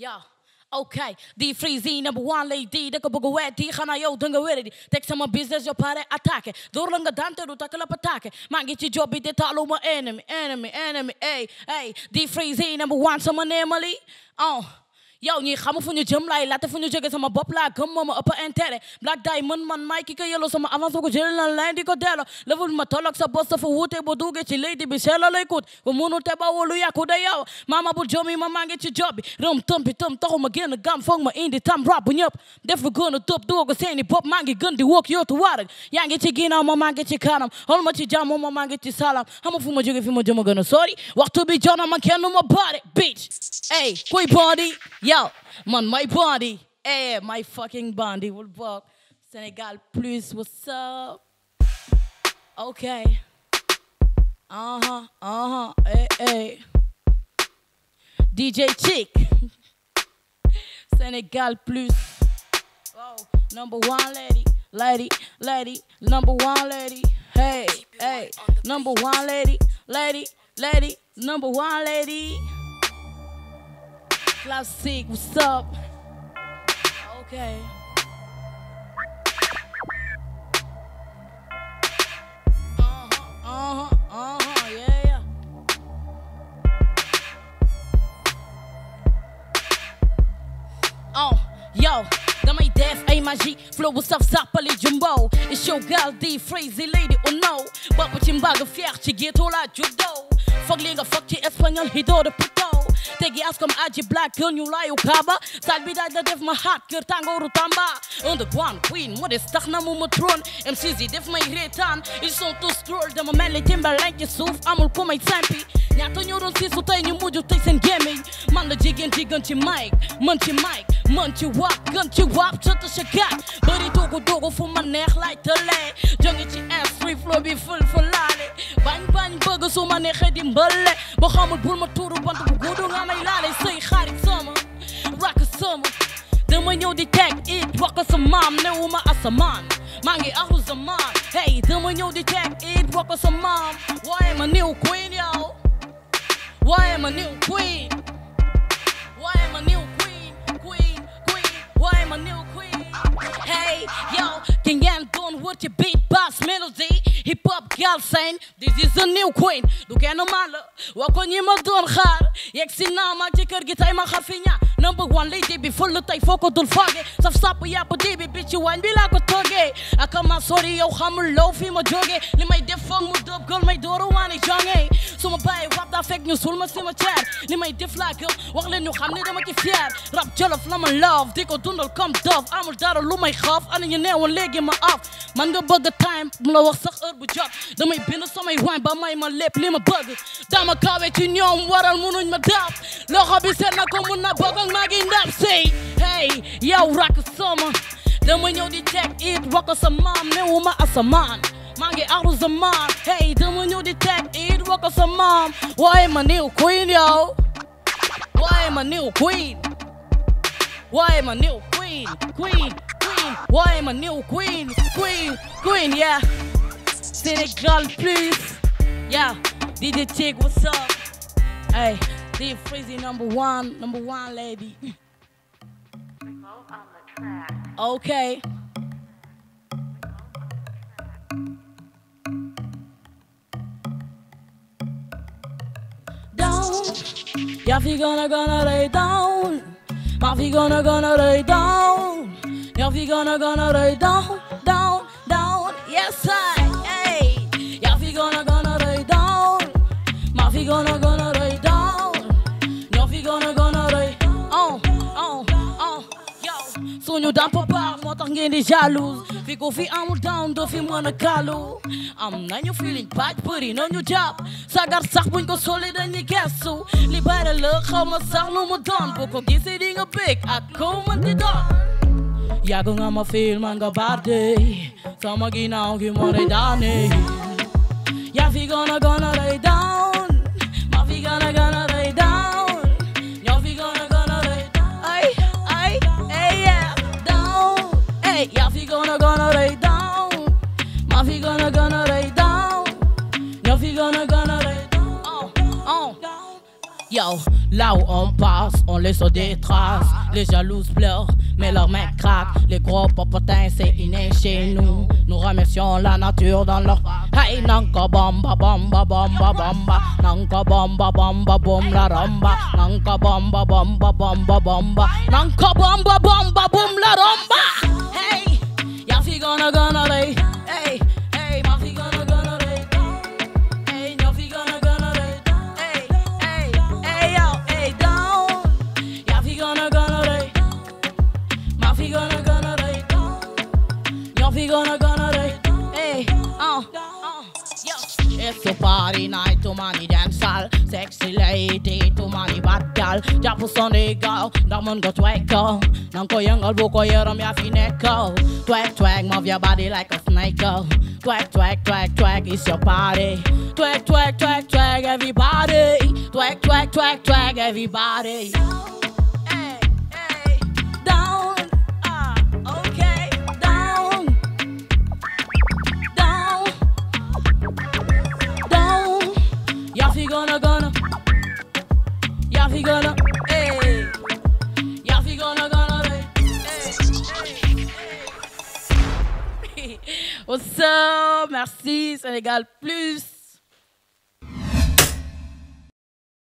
Yeah. Okay, the freezing number one lady, the kabugueti, hanayo, dungawerity, take some business, your party attack, Don't Duranga Dante, Rutakala attack, your job, the taluma enemy, enemy, enemy, hey, hey, the freezing number one, someone Emily. Oh. Yo, ni xamu fu jam lai, laay laata jaga ñu jóge sama bopp laa gëm mooma ëpp intérêt Black Diamond man maay ki yellow sama avance ko jël na leen di ko delloo levul ma tolloog sa bos dafa wuute ba duggee ci lay di bi seela lay kut bu te ba wolu yàqu da yow maama bu jomi ma maa ngi ci job bi rëm tëm bi ma génn gam foog ma indi tam rap bu ñëpp def bu gën a tëb duga ko seeni bopp maa ngi gën di wokk yootu waarag yaa ngi ci ginnaaw ma maa ngi kanam xool ma ci jàmm ma maa ngi ci salaam xama fu ma jóge fi ma jëm a gën a bi jona ma kenn ma baare bitch Hey, kuy boodi Yo, man, my body. Hey, my fucking body. What up? Senegal Plus, what's up? Okay. Uh-huh, uh-huh, hey, hey. DJ Chick. Senegal Plus. Oh, number one lady, lady, lady, number one lady. Hey, hey, number one lady, lady, lady, number one lady. Love Sick, what's up? Okay. Uh-huh, uh-huh, uh-huh, oh, yo, dans ma idée et magie, flow ou sauf ça pas les jumbo. Et showgirl, the crazy lady, oh no. Babo chimbaga fier, chigueto la judo. Foglinga, fuck you, espagnol, hido the puto. tegi askam aji black yoon ñu laayu kaaba saal bi daaj la def ma xaat kër tàngooru tamba underground queen moo des tax na mu ma trône MCs yi def may reetaan ils sont tous drôles dama mel ni Timberland ci suuf amul ku may sampi ñaata ñoo doon siisu tey ñu mujj tey seen gémmiñ man la jigéen jigéen ci mic man ci mic munchiwa gunchiwa chata shakat bari dogo dogo neck like neex lay tele jongi ci free flow bi ful fulale bañ bañ bëgg su ma neexee di mbëlle boo xamul bul ma tuuru bant bu gudd nga may laale sëy summer, rock a summer. Then when you detect it wax ko sa maam newuma asamaan maa ngi a man. hey then when you detect it wax ko sa Why am a new queen yo. Why am a new queen I'm a new queen. Hey, yo, Can you en bund hurtig beat, bass, melody, hip-hop, Kial Sane this is the new queen du kenn maa la wa ko ñi ma doon xaar yegg si naa ma ci kër gi tay ma xafiña number one lady bi ful tay foo ko dul fooge saf sàpp yàpp dee bi bi ci waañ bi laa ko toogee aka ma sori yow xamul loo fi ma jógee li may def foog mu dëb gol may dooru waane jongee su ma bàyyi wap daa fekk ñu suul ma si ma ceer li may def laa gëm wax leen ñu xam ne dama ci fier rab jolof la ma love di ko dundal comme doof amul dara lu may xoof ana ñu neewoon léegi ma off man nga bëgg time mu la wax sax heure bu jot De mai bine sau mai wine, ba mai mă lep, le mă băgă Da mă cawe ci nyom, waral munun mă dap Lo hobi sen na comun na băgă mă dap Say, hey, eu racă sumă De mai eu de check it, wacă să mam, ne uma asaman Mange aru zaman, hey, de mai eu de it, wacă să mam Why my new queen, yo? Why my new queen? Why my new queen? Queen, queen, why my new queen? Queen, queen, yeah Senegal, please. Yeah, DJ Chick, what's up? Hey, DJ Freezy, number one, number one lady. Okay. Down, yeah, if you gonna gonna lay down, my feet gonna gonna lay down, yeah, if you gonna gonna lay down, down, down, yes sir. you down for bar, more than getting jalouse. We go fi I'm down, do fi wanna call I'm not you feeling bad, putting on your job. Sagar sax buñ ko solid and you guess so. Li bare la xawma sax lu mu doon, bu ko gisee di nga bëgg ak ko mën di doon. Yàgg ma feel man nga barde, sama ginaaw gi moo lay daane. Yaa fi gonna going gonna lay down. My feet gonna gonna lay down. Your feet gonna gonna lay down. Oh, oh. Yo, là où on passe, on laisse des traces. Les jalouses pleurent, mais leurs mains craquent. Les gros popotins, c'est inné chez nous. Nous remercions la nature dans leur. Hey, nanka bomba bomba bomba bomba. Nanka bomba bomba boom la rumba. Nanka bomba bomba bomba bomba. Nanka bomba bomba boom la rumba. It's a party night to money dance hall, sexy lady to money bad gal. Ya puso nigga, diamond go twinkle. Nanko yung albo ko yerom ya fineko. Twag twag, move your body like a snake. Oh. Twag twag twag twag, it's your party. Twag twag twag twag, everybody. Twag twag twag twag, everybody. So Au up? Merci, Sénégal Plus.